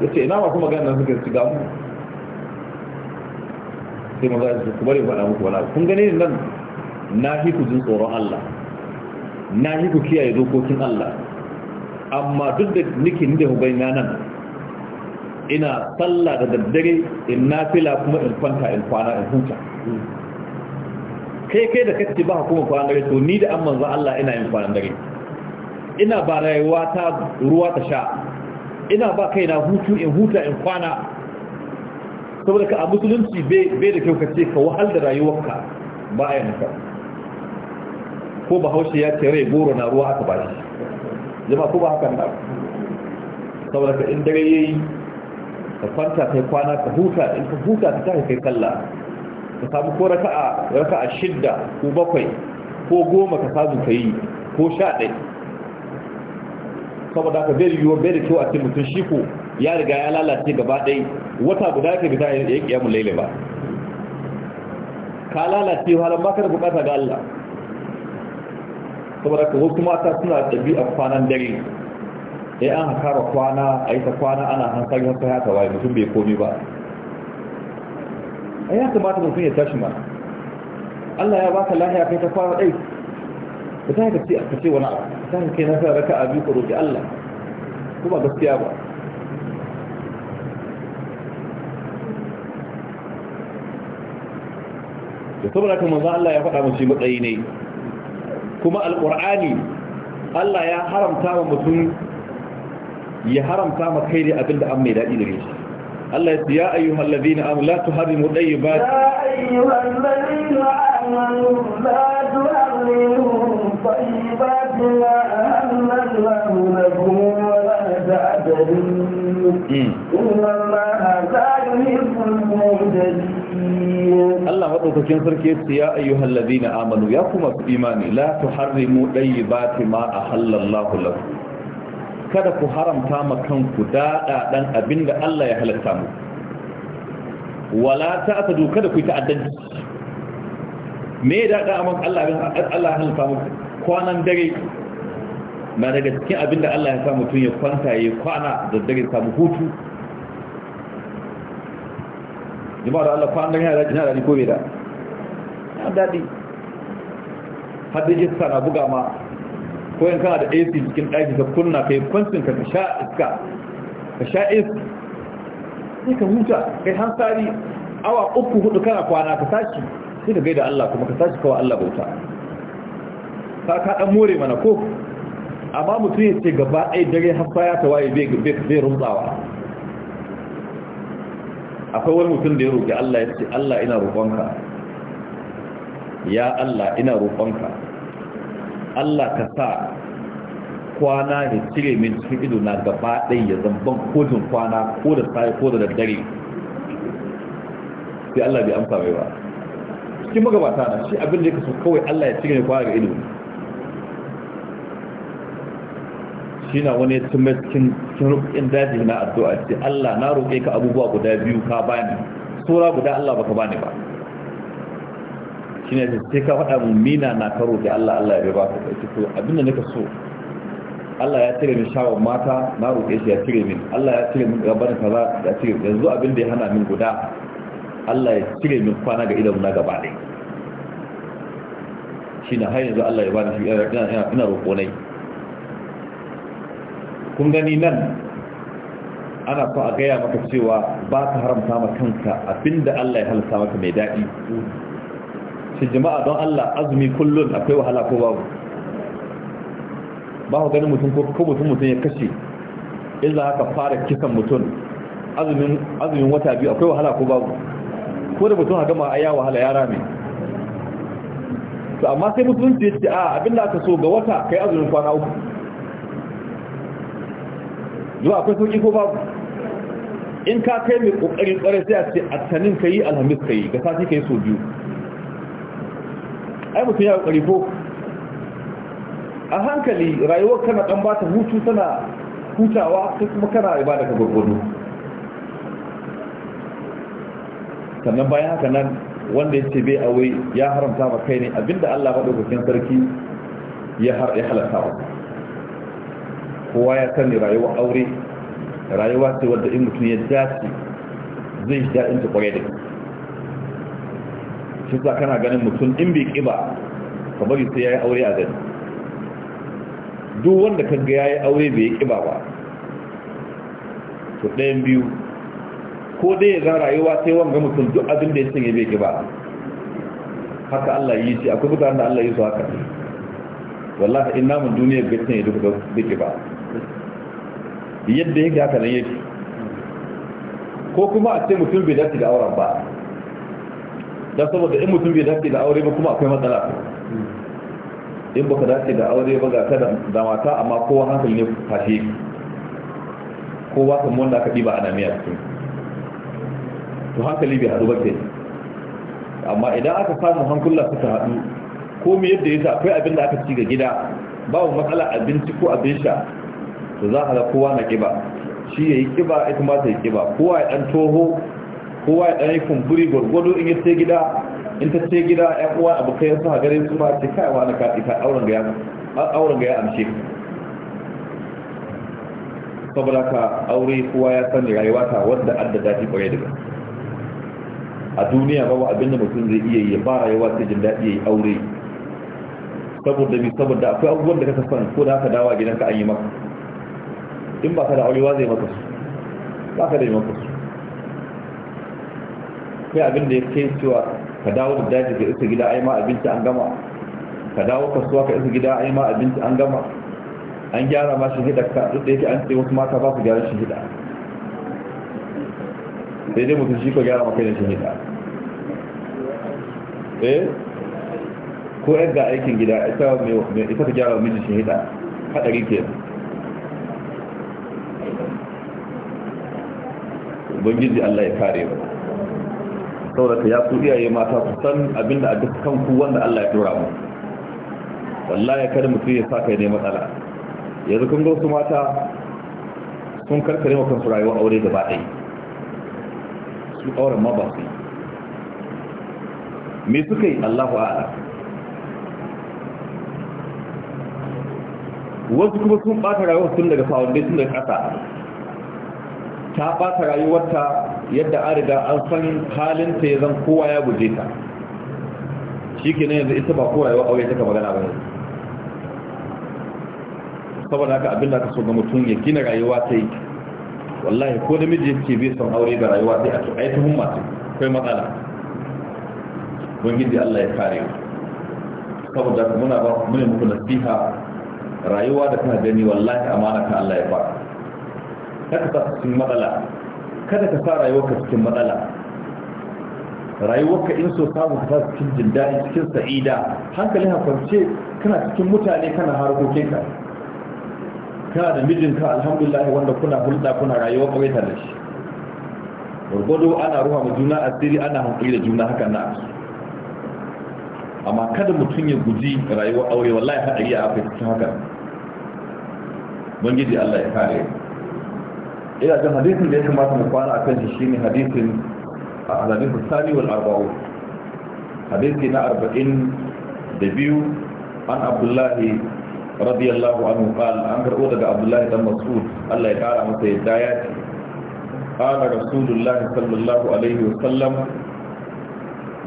ya ce ina masu magana suka ci gamu sai maza ya ce ku bari faɗa muku wani kun gane nan na fi ku jin tsoron Allah na fi ku kiyaye dokokin Allah amma duk da nake ni da hubai na nan ina sallah da daddare in na fila kuma in kwanta in kwana in huta kai kai da kace ba kuma kwana dare to ni da an manzo Allah ina yin kwana dare ina ba rayuwa ta ruwa ta sha ina ba kaina hutu in huta in kwana saboda ka a musulunci bai da kyau ka ce ka wahal da rayuwarka ba a yanka ko bahaushe ya ce goro na ruwa aka bashi jama ko ba hakan nan saboda ka in dare yayi ka kwanta kai kwana ka huta in ka huta ka tashi kai sallah ka samu ko raka'a raka'a shidda ko bakwai ko goma ka samu kai ko sha ɗaya saboda ka bai yiwuwa bai da kyau a cikin mutum shi ko ya riga ya lalace gaba ɗaya wata guda ka bi ta yi ya kiyamu laila ba ka lalace halin ba ka da bukata ga Allah saboda ka wasu mata suna ɗabi'a kwanan dare ya an kara kwana a yi ta kwana ana hankali hankali haka waye mutum bai komi ba a ya kamata mutum ya tashi ma Allah ya baka lahiya kai ta kwana ɗai ka ta haka ce ce wani abu ta haka kai na sa raka a biyu ka roƙi Allah kuma gaskiya ba da saboda kuma manzan Allah ya faɗa mu shi matsayi ne kuma alƙur'ani Allah ya haramta wa mutum ya haramta ma kai ne abinda an mai daɗi da shi Allah ya ya ayyuhal ladina amanu la tuharrimu tayyibat ya ayyuhal ladina amanu la tuharrimu tayyibat ma ahlallahu lakum wa la ta'tadu inna allaha la yuhibbul mu'tadin Allah maɗaukakin sarki su ya ayyuhal ladina amanu ya kuma su imani la tuharrimu dayyibati ma ahallallahu lakum kada ku haramta ma kanku dada dan abinda Allah ya halatta mu wala ta'tadu kada ku ta'addanci me dada amon Allah Allah ya halatta mu kwanan dare na daga cikin abinda Allah ya sa mutun ya kwanta ya kwana da dare samu hutu jama'a da Allah kwanan yana daɗi na daɗi ko bai da na daɗi hadda iska na buga ma ko yin kana da ac cikin ɗaki ka kunna ka yi kwancin ka sha iska ka sha ac sai ka huta kai hansari awa uku hudu kana kwana ka tashi sai ka gaida Allah kuma ka tashi kawai Allah bauta ka ka ɗan more mana ko amma mutum ya ce gaba ɗaya dare har ya ta waye bai rumtsawa akwai wani mutum da ya roƙi Allah ya ce Allah ina roƙonka ya Allah ina roƙonka Allah ka sa kwana ya cire min cikin ido na gaba ɗai ya zamban kojin kwana ko da sai ko da daddare sai Allah bai amsa mai ba cikin magabata na shi abin da ya kasu kawai Allah ya cire ni kwana ga ido shi na wani tumbe cikin rukukin daji na addu'a ce Allah na roƙe ka abubuwa guda biyu ka bani tura guda Allah baka bani ba shi ne ta ce ka faɗa mummina na karo da Allah Allah ya ba ka ɗauki to abinda nika so Allah ya cire min shawar mata na roƙe shi ya cire min Allah ya cire min gaban kaza ya cire yanzu abin da ya hana min guda Allah ya cire min kwana ga idanu na gaba ɗaya shi na har yanzu Allah ya bani shi ina roƙo nai kun gani nan ana fa a gaya maka cewa ba ka haramta ma kanka abinda Allah ya halitta maka mai daɗi shi jama'a don Allah azumi kullun akwai wahala ko babu ba ku ganin mutum ko mutum mutum ya kashe illa haka fara kisan mutum azumin azumin wata biyu akwai wahala ko babu ko da mutum haka gama a ya wahala ya rame to amma sai musulunci ya ce a abinda aka so ga wata kai azumin kwana uku zuwa akwai sauki ko babu in ka kai mai kokarin kwarai sai a ce tanin ka yi alhamis ka yi ga sati ka yi so biyu ai mutum ya kokari ko a hankali rayuwar kana dan bata hutu tana hutawa sai kuma kana da ka gurgudu sannan bayan haka nan wanda ya ce bai awai ya haramta ba kai ne abinda Allah maɗaukakin sarki ya halatta kowa ya sani rayuwa aure rayuwa ce wadda in mutum ya dace zai shi daɗin ta kwarai da shi sa kana ganin mutum in bai ƙiba ka bari sai ya yi aure a gani duk wanda ka ga ya yi aure bai yi ƙiba ba to ɗayan biyu ko dai ya zan rayuwa sai wanga mutum duk abin da ya sanya bai ƙiba haka Allah yi shi akwai mutane da Allah yi su haka wallahi in namun duniyar gaskiya ne duka bai ƙiba yadda yake haka nan yake ko kuma a ce mutum bai dace da auren ba da saboda in mutum bai dace da aure ba kuma akwai matsala in baka dace da aure ba ga kada da mata amma kowa hankali ne fashe kowa kan wanda aka ɗiba ana miya cikin to hankali bai haɗu ba ke amma idan aka samu hankula suka haɗu ko me yadda yasa akwai abin da aka ci ga gida babu matsala abinci ko abin sha to za a ga kowa na kiba shi ya yi kiba ita ma ta yi kiba kowa ya dan toho kowa ya dan yi kumburi gwargwado in ya ce gida in ta ce gida yan uwa abu kai su ha gare su ba ce kai na ka ita auren ga ya auren ga ya amshe saboda ka aure kowa ya sani rayuwa ta wanda adda da daɗi kwarai da a duniya babu abin da mutum zai iya yi ba rayuwa sai jin daɗi ya yi aure saboda bi saboda akwai abubuwan da ka san ko da haka dawa gidanka an yi maka in ba ka da aurewa zai maka su ba ka da yi maka su kai abin da ya kai cewa ka dawo da daji ka isa gida ai ma abinci an gama ka dawo kasuwa ka isa gida ai ma abinci an gama an gyara ma shi hida ka duk da yake an ce wasu mata ba su gyara shi hida sai dai mutum shi ko gyara maka da shi hida eh ko yadda aikin gida ita ta gyara miji shi hida hadari kenan ubangiji Allah ya kare mu saboda ya ku iyaye mata ku san abinda a kan ku wanda Allah ya tura mu wallahi kada mutum ya sa kai ne matsala yanzu kun ga su mata sun karkare wa kansu rayuwar aure gaba ɗaya su auren ma ba su yi me suka yi Allahu a'ala wasu kuma sun ɓata rayuwar sun daga foundation da ƙasa ta ɓata rayuwarta yadda an riga an san halinta ya zan kowa ya guje ta shi ke yanzu ita ba ko rayuwa aure take magana ba saboda haka abin da ka so ga mutum ya gina rayuwa ta yi wallahi ko namiji ce bai son aure ga rayuwa sai a tukai ta humma ce kai matsala ubangiji Allah ya kare saboda muna ba mu muku nasiha rayuwa da kana gani wallahi amana ka Allah ya ba kada ka cikin matsala kada ka sa rayuwarka cikin matsala rayuwarka in so samu ka sa cikin jin daɗi cikin sa'ida hankalin kwance kana cikin mutane kana ka kana da mijinka alhamdulillah wanda kuna hulɗa kuna rayuwa kawaita da shi gurgudu ana ruwa ma juna asiri ana hankali da juna haka na amma kada mutum ya guji rayuwar aure wallahi haɗari a afirka cikin haka bangiji allah ya kare ina jin hadisin da ya kamata mu kwana a kan shi ne hadisin a hadisin sani wal arba'u hadisi na arba'in da biyu an abdullahi radiyallahu anhu qala an karbo daga abdullahi dan mas'ud Allah ya kara masa yadda ya ce qala rasulullahi sallallahu alaihi wa sallam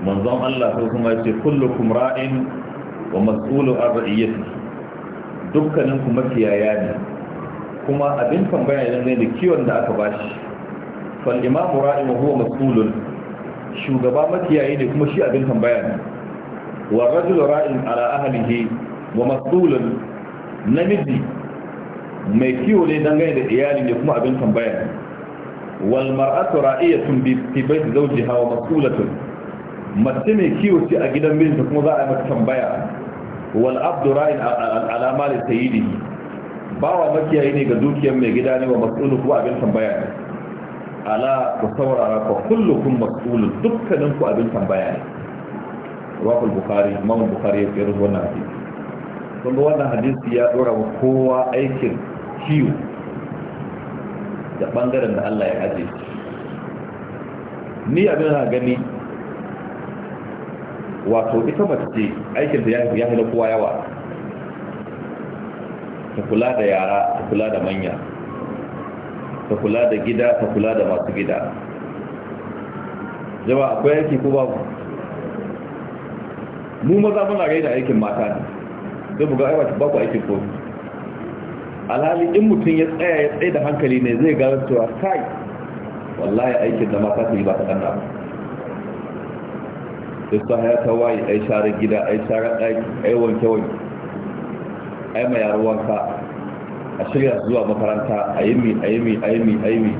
manzon Allah sai kuma yace kullukum ra'in wa mas'ulun an ra'iyatihi dukkanin ku makiyaya ne kuma abin tambaya idan ne da kiwon da aka bashi fal imamu ra'imu huwa mas'ulun shugaba makiyayi ne kuma shi abin tambaya ne wa rajul ra'in ala ahlihi wa mas'ulun namiji mai kiwo ne dangane da iyali ne kuma abin tambaya ne wal mar'atu ra'iyatun bi baiti zawjiha wa mas'ulatun mace mai kiwo ce a gidan mijinta kuma za a yi mata tambaya wal abdu ra'in ala mali sayyidihi bawa makiyayi ne ga dukiyar mai gida ne wa matsulu kuma abin tambaya ne ala ku saurara ku kullukum matsulu dukkanin ku abin tambaya ne rawal bukhari imam bukhari ya tsere wannan hadisi kun ga wannan hadisi ya dora wa kowa aikin kiwo da bangaren da Allah ya aje ni abin na gani wato ita mace aikin da ya fi na kowa yawa ta kula da yara ta kula da manya ta kula da gida ta kula da masu gida jama akwai aiki ko babu mu maza muna gai da aikin mata ne sai buga aiwa ta baku aikin ko alhali in mutum ya tsaya ya tsaye da hankali ne zai gara cewa kai wallahi aikin da mata ta yi ba ta ɗanna ba duk sa ya ta waye ai share gida ai share ɗaki ai wanke wanke ai ma yaro wanka a shirya zuwa makaranta a yi mi a yi mi a yi mi a yi mi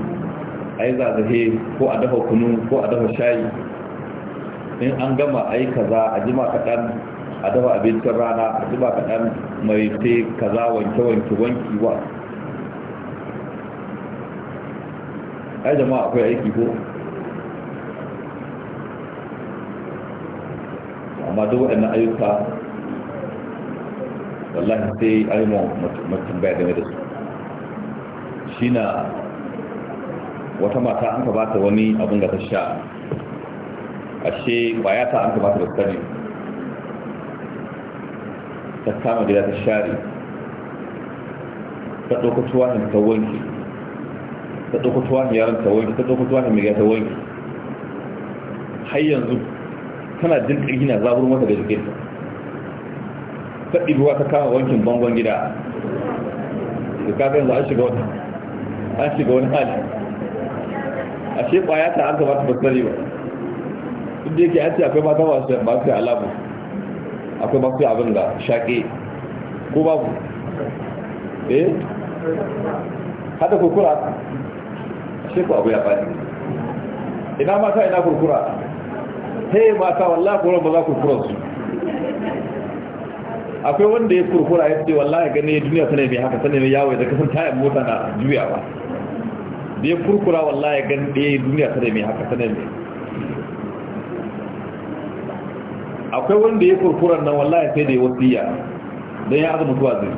a yi zazahe ko a dafa kunu ko a dafa shayi in an gama a yi kaza a jima kaɗan a dafa abincin rana a jima kaɗan mai te kaza wanke wanke wanki wa ai jama'a akwai aiki ko amma duk waɗannan ayyuka wallahi sai an yi mutum baya game da su shi na wata mata an ka bata wani abin da ta sha ashe ya ta an ka bata da sani ta kama gida ta share ta ɗauka ne ta wanki ta ɗauka ne yaron ta wanki ta ɗauka ne mai ta wanki har yanzu tana jin ƙirgi na zaburin wata da jikinta ta ruwa ta kama wankin bangon gida da ka yanzu an shiga wani an shiga wani hali a shi ya ta an gaba ta basari ba duk da yake an ce akwai mata masu masu yi alamu akwai masu abin da shaƙe ko babu eh hada kurkura shi ko abu ya faɗi ina mata ina kurkura he mata wallahi kuma ba za su. akwai wanda ya kurkura ya ce wallahi gane duniya ta ne mai haka sane mai yawo da kasar tayar mota na juyawa da ya kurkura wallahi gane eh, ɗaya duniya ta ne mai haka sane mai akwai wanda ya kurkura nan wallahi sai da ya wasiya don ya azu mutuwa zai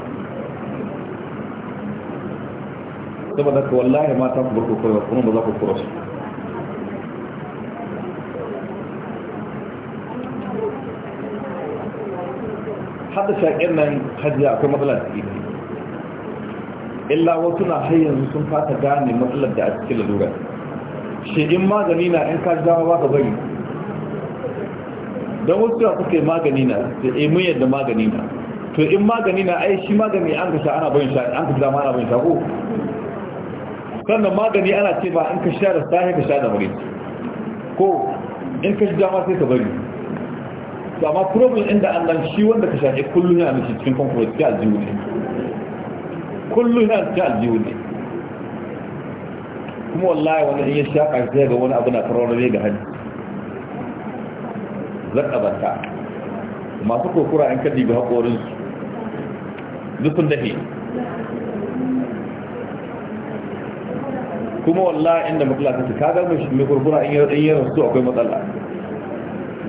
saboda ka wallahi mata ku bar kurkura kuma ba za ku kurkura su haɗa shaƙin nan hajji akwai matsalar da ita illa wasu na har yanzu sun fata gane matsalar da a cikin lalura shi in magani na in kaji dama ba ka bari don wasu da suka yi magani na da emun eh, yadda magani na to in magani na ai shi magani an ka sha ana bayan sha an ka dama ana bayan sha ko sannan magani ana ce ba in ka sha da sahi ka sha da bari ko in ka sha dama sai ka bari to amma problem inda annan shi wanda ka shaƙe kullum yana mishi cikin kwankwaso cikin aljihu ne kullum yana cikin aljihu ne kuma wallahi wani in ya shaƙa sai ga wani abu na faraunar ga hannu zaɗabanta masu kokura an kaddi ga haƙorinsu zufin dahe kuma wallahi inda mutula ta ci kagar mai kurkura in yi rasu akwai matsala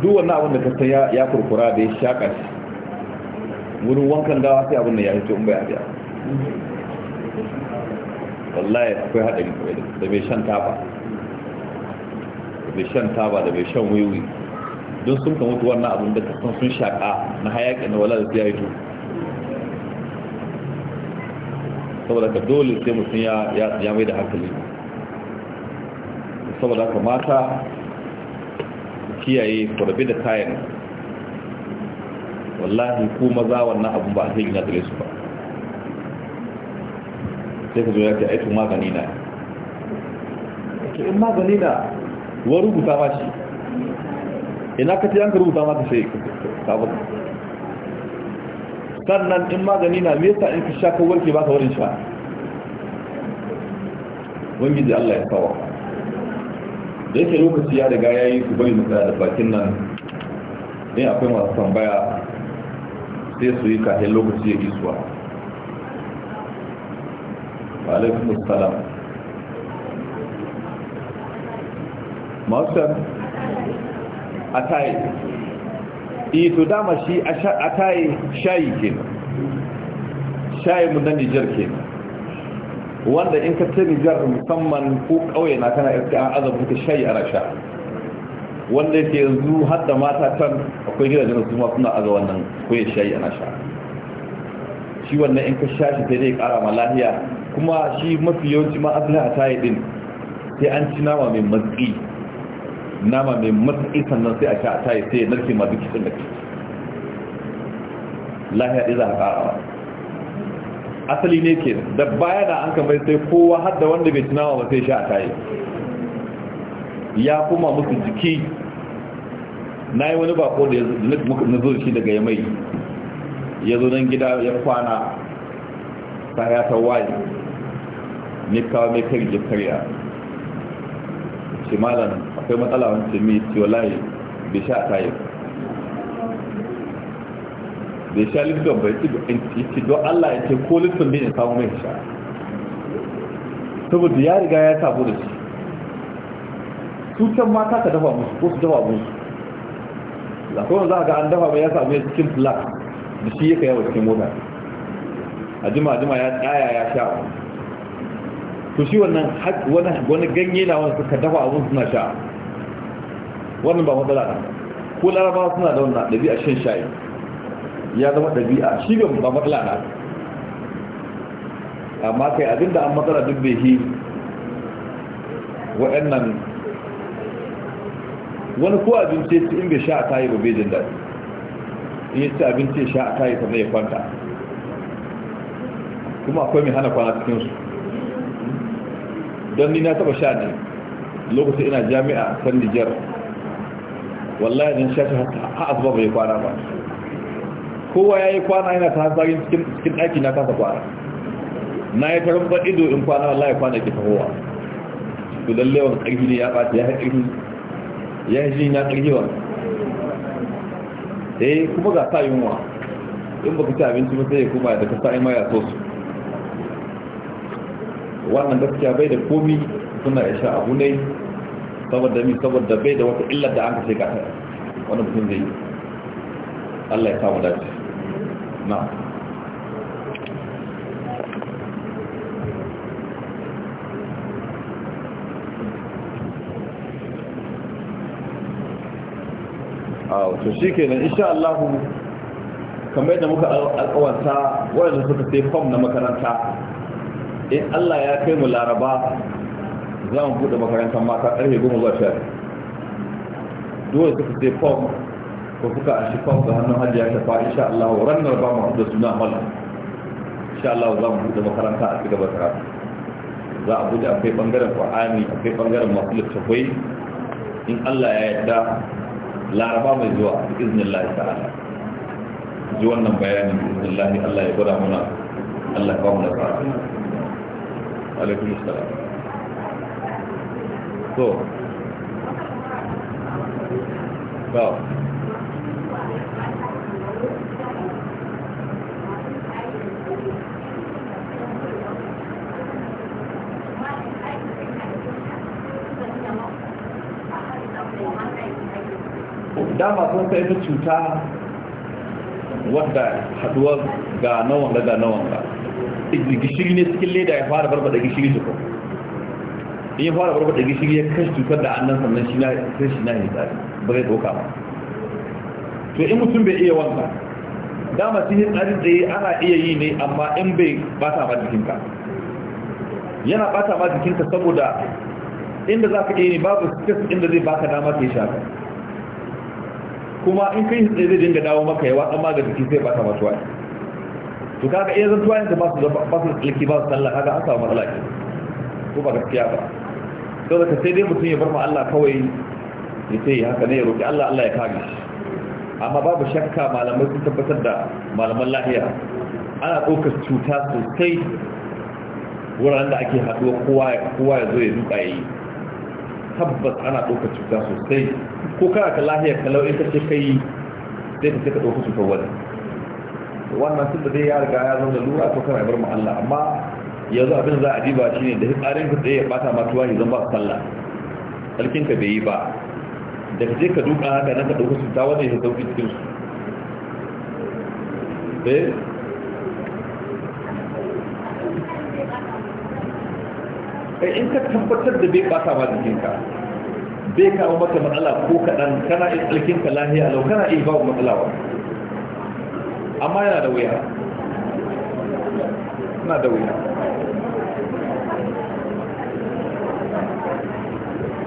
duk wannan abin da ka san ya kurkura da ya shaka shi wurin wankan gawa sai abin da ya hito in bai abiya wallahi akwai haɗari da bai shan taba da bai shan taba da bai shan wiwi don sun kan mutu wannan abin da ka san sun shaka na hayaƙi na wala da ya hito saboda ka dole sai mutum ya mai da hankali saboda ka mata kiyaye ku rabi da kayan wallahi ku maza wannan abu ba zai yana gare su ba sai ka zo ya ce magani na in eh, magani na wa rubuta ba shi ina ka tiyanka rubuta ma ka sai ba sannan in magani na me yasa in ka sha ka warke ba ka warin sha da Allah ya kawo da yake lokaci ya riga ya yi ku bari mutane da bakin nan ne akwai masu tambaya sai su yi kafin lokaci ya isuwa alaikun musalam masu E, eh, ito dama shi ataye shayi ke shayi mu na nijar ke wanda in ka tari jar musamman ko ƙauye na kana iska an azabu ta shayi ana sha wanda yake yanzu har da mata can akwai gidajen su ma suna aga wannan ko ya shayi ana sha shi wannan in ka sha shi sai zai ƙara ma lafiya kuma shi mafi yawanci ma asali a tayi din sai an ci nama mai matsi nama mai matsi sannan sai a sha a tayi sai ya narke ma duk kitsin da ke lafiya ɗaya za a ƙara asali ne ke da baya da an kamar sai kowa har da wanda bai tunawa ba sai sha tayi ya kuma musu jiki na yi wani bako da na zo shi daga yamai ya zo nan gida ya kwana ta ya ta ne kawo mai kari da karya shi malam akwai matsala wani mai ciwo layi bai sha tayi bai sha lifton bai ci don Allah ya ce ko lifton bai in samu mai sha saboda ya riga ya sabu da shi su can mata ka dafa musu ko su dafa musu zakon za ga an dafa mai ya sabu mai cikin flat da shi ya kayawa cikin mota a jima jima ya tsaya ya sha to shi wannan wani ganye na wani suka dafa abin suna sha wannan ba matsala ko larabawa suna da wannan a shan shayi ya zama ɗabi'a shi ba matsala na amma kai abinda an matsala duk da shi waɗannan wani ko abinci su in bai sha a tayi ba bai jin daɗi in yi ci abinci ya sha a tayi sannan ya kwanta kuma akwai mai hana kwana cikinsu don ni na taɓa sha ne lokacin ina jami'a kan nijar wallahi don sha shi har asuba bai kwana ba kowa ya yi kwana yana ta hanzarin cikin ɗaki na kasa kwana na ya tarin ba ido in kwana wallah ya kwana ke tahowa to lalle wani karfi ne ya ɓata ya haƙi ya ji na ƙarfi wa eh kuma ga sa yunwa in baka ci abinci ba sai ya koma da ka sa ima ya so su wannan gaskiya bai da komi suna ya sha abu ne saboda mi saboda bai da wata illar da an ka ce ka ta wani mutum zai yi Allah ya samu dace na to shi kenan insha Allah kamar da muka alƙawanta waɗanda suka sai fam na makaranta in Allah ya kai mu laraba za mu buɗe makarantar mata ƙarfe goma zuwa sha dole suka sai fam ko kuka an shi kwan hannun hajji ya shafa insha Allah ranar ba mu da suna mala insha Allah za mu buɗe makaranta a cigaba da za a buɗe akwai ɓangaren a akwai ɓangaren masu littattafai in Allah ya yarda laraba mai zuwa bi iznillahi ta'ala ji wannan bayanin bi iznillahi Allah ya gwada mana Allah ya ba mu nasara alaikum salam. so Well. dama sun sai ita cuta wadda haduwa ga nawan da ga nawan ga gishiri ne cikin leda ya fara barbada gishiri da kuma in ya fara barbada gishiri ya kashe cutar da annan sannan shi na ya shi na yi tsari ba zai doka ba to in mutum bai iya wanka dama yi tsari tsaye ana iya yi ne amma in bai bata ma jikinka yana bata ma jikinka saboda inda za ka iya ne babu stress inda zai baka dama ka yi shaka kuma in kai tsaye zai dinga dawo maka yawa amma ga jiki sai bata masu wani to kaga iya zan tuwayen da basu da ba su sallah kaga an samu matsala ke ko ba gaskiya ba sau da ka sai dai mutum ya bar ma Allah kawai ya sai ya haka ne ya roƙi Allah Allah ya kage amma babu shakka malamai sun tabbatar da malaman lahiya ana ɗaukar cuta sosai wuraren da ake haɗuwa kowa ya zo ya duka ya yi tabbas ana ɗaukar cuta sosai ko kana ka lahiyar kalau in ka ce kai sai ka sai ka ɗauka cutar wani wannan sun da zai ya riga ya zama da lura ko kana bar mu Allah amma yanzu abin za a diba shine da tsarin ka tsaye ya bata ma tuwa zan ba sallah sarkin ka bai yi ba da ka je ka duka haka nan ka ɗauka cuta wani ya sauki cikin su eh? kai in ka tabbatar da bai bata jikin jikinka bai kawo maka matsala ko kaɗan kana iya ka lahiya lau kana iya ba matsala ba amma yana da wuya na da wuya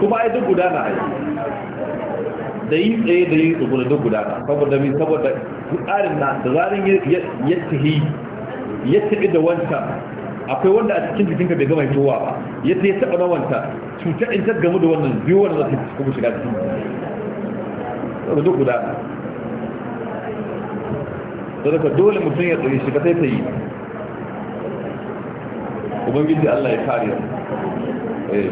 kuma ai duk gudana ai da yi tsaye da yi na duk gudana saboda min saboda tsarin na da zarin ya tahi ya tafi da wancan akwai wanda a cikin jikinka bai gama fitowa ba yadda ya taɓa rawanta cutar in ta gamu da wannan biyu wannan zai kuma shiga cikin duk guda sadaka dole mutum ya tsaye shiga sai ta yi Kuma ubangiji Allah ya kariya. eh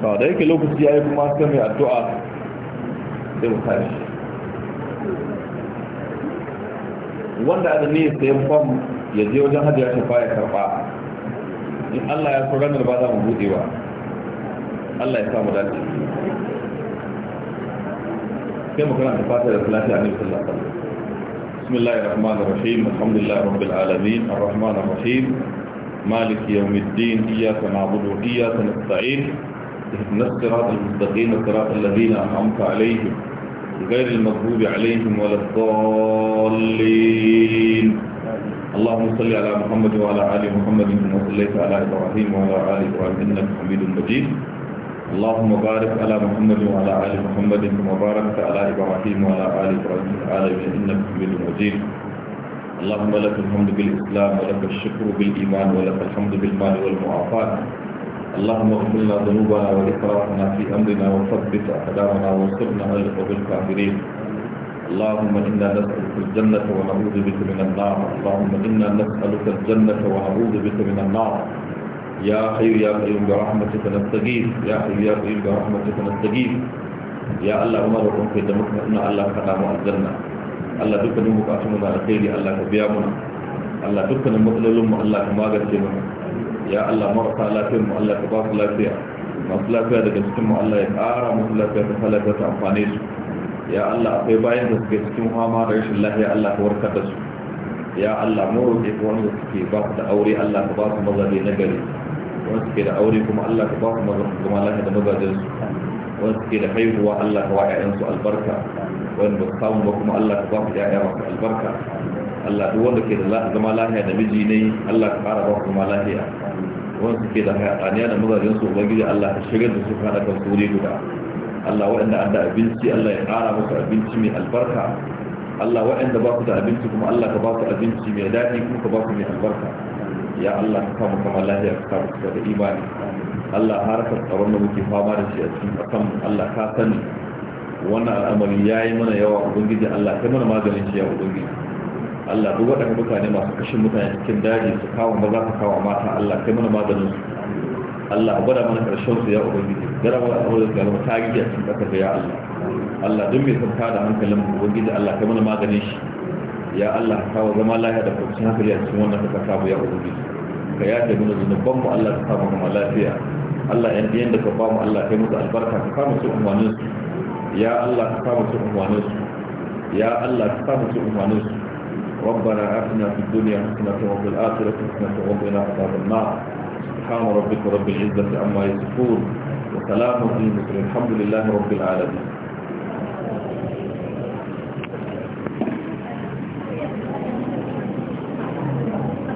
ba da yake lokaci ya yi kuma sai mai addu'a sai mu tashi wanda azumi ya sayan fam ya je wajen ya shafa ya karba in Allah ya so ranar ba za mu buɗe ba Allah ya samu dace sai mu ta fata da salati a nufin sallallahu بسم الله الرحمن الرحيم الحمد لله رب العالمين الرحمن الرحيم مالك يوم الدين إياك نعبد وإياك نستعين اهدنا الصراط المستقيم صراط الذين أنعمت عليهم غير المغضوب عليهم ولا الضالين اللهم صل على محمد وعلى آل محمد كما صليت على إبراهيم وعلى آل إبراهيم إنك حميد مجيد اللهم بارك على محمد وعلى آل محمد كما باركت على إبراهيم وعلى آل إبراهيم في العالمين إنك حميد مجيد اللهم لك الحمد بالإسلام ولك الشكر بالإيمان ولك الحمد بالمال والمعافاة اللهم اغفر لنا ذنوبنا وإكرامنا في أمرنا وثبت أقدامنا وانصرنا على القوم الكافرين اللهم إنا نسألك الجنة ونعوذ بك من النار اللهم إنا نسألك الجنة ونعوذ بك من النار يا حي يا قيوم برحمتك نستغيث يا حي يا قيوم برحمتك نستغيث يا الله عمر وكنت دمك إن الله امر الجنة الله دكنا مكاتمنا الخير الله كبيامنا الله دكنا مقللهم الله كماغتنا ya Allah marasa lafiyar mu Allah ka ba su lafiya masu lafiya daga cikin mu Allah ya ƙara musu lafiya ta sa lafiya ta amfane su ya Allah akwai bayan da suke cikin fama da rashin lafiya Allah ka warkar da su ya Allah mu roƙe ku wanda suke ba su da aure Allah ka ba su mazaje na gari wanda suke da aure kuma Allah ka ba su mazaje kuma lafiya da mazajen su wanda suke da haihuwa Allah ka wa ƴaƴansu albarka wanda ba su samu ba kuma Allah ka ba su ƴaƴa masu albarka Allah duk wanda ke da zama lahiya da miji ne Allah ka ƙara ba su zama lahiya wanda suke da hayaniya da mazajen su ubangiji Allah ta shigar da su hada kan su wuri guda Allah waɗanda an da abinci Allah ya ƙara musu abinci mai albarka Allah waɗanda ba ku da abinci kuma Allah ka ba ku abinci mai daɗi kuma ka ba ku mai albarka ya Allah ka kama kama lafiya ka kama kusa da imani Allah harkar tsaron da muke fama da shi a cikin ƙasan Allah ka sani wannan al'amari ya yi mana yawa ubangiji Allah kai mana maganin shi ya ubangiji Allah duk waɗanda mutane masu kashin mutane cikin daji su kawo maza su kawo mata Allah kai mana maganin su Allah gwada mana karshen su ya ubangiji gara mana abu da galma ta gidi a cikin da ya Allah Allah duk mai sauka da hankalin mu ubangiji Allah kai mana maganin shi ya Allah kawo zama lafiya da kwanciyar hankali a cikin wannan kasa mu ya ubangiji ka yafe mana zunuban mu Allah ka samu kuma lafiya Allah yan biyan da ka ba mu Allah kai musu albarka ka kama su umarnin su ya Allah ka kama su umarnin su ya Allah ka kama su umarnin su ربنا آتنا في الدنيا حسنة وفي الآخرة حسنة وقنا عذاب النار سبحان ربك رب العزة عما يصفون وسلام على المسلمين الحمد لله رب العالمين